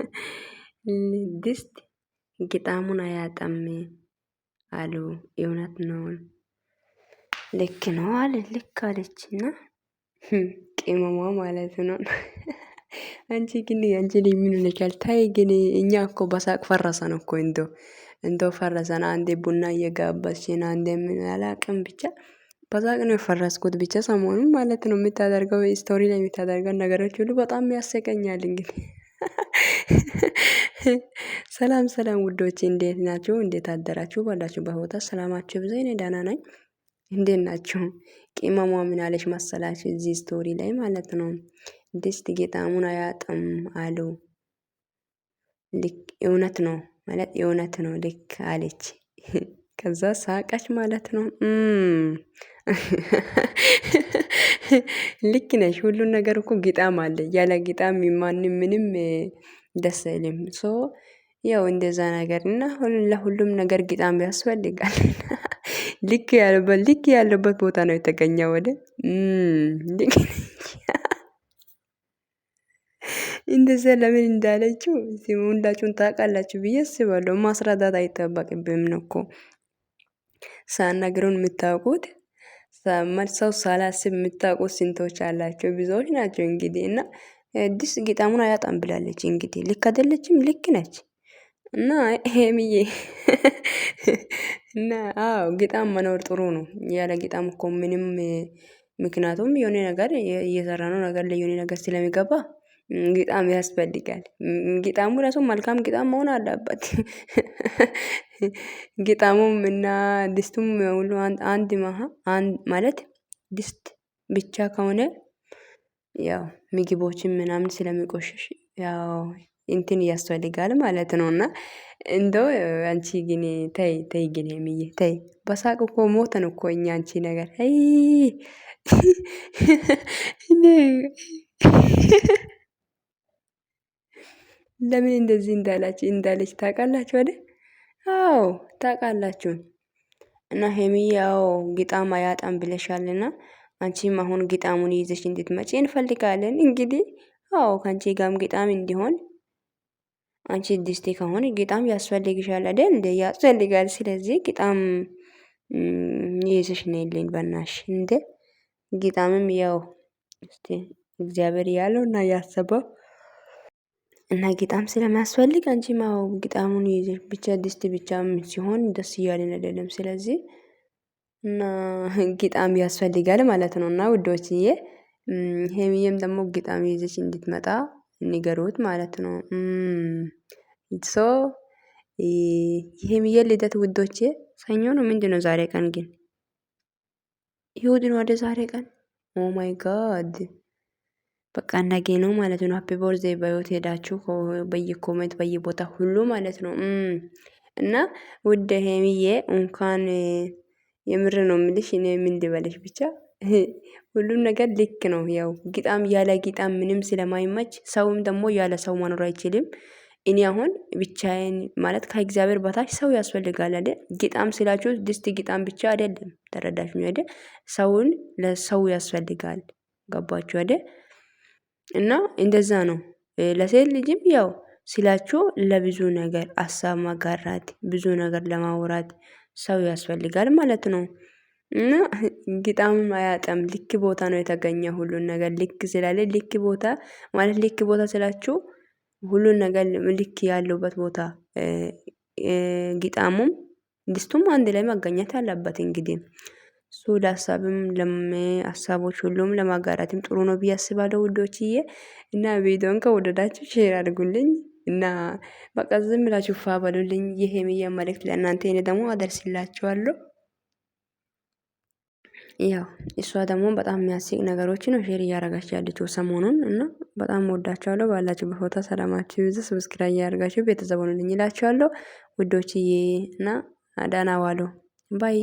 ድስት ግጣሙን አያጣም አሉ። የእውነት ነው ልክ ነው አለ ልክ አለች እና ቅመሟ ማለት ነው። አንቺ ግን አንቺ ልጅ ምን ሆነሻል? ታይ ግን እኛ እኮ በሳቅ ፈረሰን እኮ እንዶ እንዶ ፈረሰን። አንዴ ቡና እየጋበዝሽን አንዴ ምን አላቅም ብቻ በሳቅ ነው የፈረስኩት። ብቻ ሰሞኑን ማለት ነው የምታደርገው ስቶሪ ላይ የምታደርገው ነገሮች ሁሉ በጣም ያሰቀኛል እንግዲህ ሰላም ሰላም ውዶች እንዴት ናችሁ? እንዴት አደራችሁ? ባላችሁ በቦታ ሰላማችሁ ብዙ። እኔ ደህና ነኝ። እንዴት ናችሁ? ቅመሟ ምን አለች መሰላችሁ? እዚህ ስቶሪ ላይ ማለት ነው። ድስት ጌጣሙን አያጥም አሉ። ልክ እውነት ነው ማለት እውነት ነው ልክ አለች። ከዛ ሳቀች ማለት ነው። ልክ ነሽ። ሁሉን ነገር እኮ ግጣም አለ። ያለ ግጣም ማንም ምንም ደስ አይልም። ሶ ያው እንደዛ ነገር እና ለሁሉም ነገር ግጣም ያስፈልጋል። ልክ ያለበት ልክ ያለበት ቦታ ነው የተገኘ ወደ እንደዛ ለምን እንዳለችው ሁላችሁን ታውቃላችሁ ብዬ አስባለሁ። ማስረዳት አይጠበቅብንም እኮ ሳናግረውን የምታውቁት መልሰው ሳላስብ የምታውቁት ስንቶች አላቸው? ብዙዎች ናቸው እንግዲህ እና ዲስ ጌጣሙን አያጣም ብላለች እንግዲህ ልክ አይደለችም? ልክ ነች። እና ሄምዬ እና አዎ ጌጣም መኖር ጥሩ ነው። ያለ ጌጣም እኮ ምንም ምክንያቱም የሆነ ነገር እየሰራ ነው ነገር ላይ የሆነ ነገር ስለሚገባ ግጣም ያስፈልጋል። ግጣሙ ራሱ መልካም ግጣም መሆን አለበት። ግጣሙም እና ድስቱም ሁሉ አንድ ማሀ ማለት ድስት ብቻ ከሆነ ያው ምግቦችን ምናምን ስለሚቆሽሽ ያው እንትን እያስፈልጋል ማለት ነው። እና እንደ አንቺ ግን ተይ ተይ ግን የሚዬ ተይ በሳቅ እኮ ሞተን እኮ እኛ አንቺ ነገር ለምን እንደዚህ እንዳላች እንዳለች ታውቃላችሁ አይደል? አዎ ታውቃላችሁ። እና ሄሚዬ ያው ግጣም አያጣም ብለሻልና አንቺም አሁን ግጣሙን ይዘሽ እንድትመጪ እንፈልጋለን። እንግዲህ አዎ ከአንቺ ጋም ግጣም እንዲሆን አንቺ ድስቴ ከሆነ ግጣም ያስፈልግሻል አይደል? እንዴ ያስፈልጋል። ስለዚህ ግጣም ይዘሽ ነይልኝ በናሽ። እንዴ ግጣምም ያው እስቲ እግዚአብሔር ያለውና ያሰበው እና ጌጣም ስለሚያስፈልግ አንቺ ማው ጌጣሙን ይዘሽ ብቻ ድስት ብቻ ሲሆን ደስ እያለን አይደለም። ስለዚህ እና ጌጣም ያስፈልጋል ማለት ነው። እና ውዶችዬ ሄሚዬም ደግሞ ጌጣም ይዘሽ እንድትመጣ ንገሩት ማለት ነው። ሶ ሄሚዬ ልደት ውዶቼ ሰኞ ነው ምንድን ነው ዛሬ ቀን ግን ይሁድን ወደ ዛሬ ቀን ኦ ማይ ጋድ በቃ ነገ ነው ማለት ነው። ሀፒ ቦርዝ በህይወት ሄዳችሁ በየኮሜንት በየቦታ ሁሉ ማለት ነው። እና ውድ ሄሚዬ እንኳን የምር ነው ምልሽ፣ እኔ ምን ልበልሽ ብቻ ሁሉም ነገር ልክ ነው። ያው ጊጣም ያለ ጊጣም ምንም ስለማይመች ሰውም ደግሞ ያለ ሰው መኖር አይችልም። እኔ አሁን ብቻዬን ማለት ከእግዚአብሔር በታች ሰው ያስፈልጋል አይደል? ጊጣም ስላችሁ ድስት ጊጣም ብቻ አይደለም። ተረዳሽ ነው አይደል? ሰውን ለሰው ያስፈልጋል። ገባችሁ አይደል? እና እንደዛ ነው። ለሴት ልጅም ያው ስላቸው ለብዙ ነገር አሳብ ማጋራት ብዙ ነገር ለማውራት ሰው ያስፈልጋል ማለት ነው። እና ግጣምም አያጠም ልክ ቦታ ነው የተገኘ ሁሉን ነገር ልክ ስላለ ልክ ቦታ ማለት ልክ ቦታ ስላችሁ ሁሉን ነገር ልክ ያለበት ቦታ ግጣሙም ድስቱም አንድ ላይ መገኘት አለበት እንግዲህ እሱ ለሀሳብም ሀሳቦች ሁሉም ለማጋራትም ጥሩ ነው ብዬ አስባለሁ ውዶችዬ። እና ቪዲዮን ከወደዳችሁ ሼር አድርጉልኝ እና በቃ ዝም ብላችሁ ፋ በሉልኝ። ይሄ የሚያ መልእክት ለእናንተ እኔ ደግሞ አደርስላችኋለሁ። ያው እሷ ደግሞ በጣም የሚያስቅ ነገሮችን ነው ሼር እያረጋች ያለችው ሰሞኑን እና በጣም ወዳቸዋለሁ። ባላችሁ በፎታ ሰላማችሁ ይብዛ። ሰብስክራይብ እያደረጋችሁ ቤተሰብ ሆኑልኝ እላችኋለሁ ውዶችዬ እና ደህና ዋሉ ባይ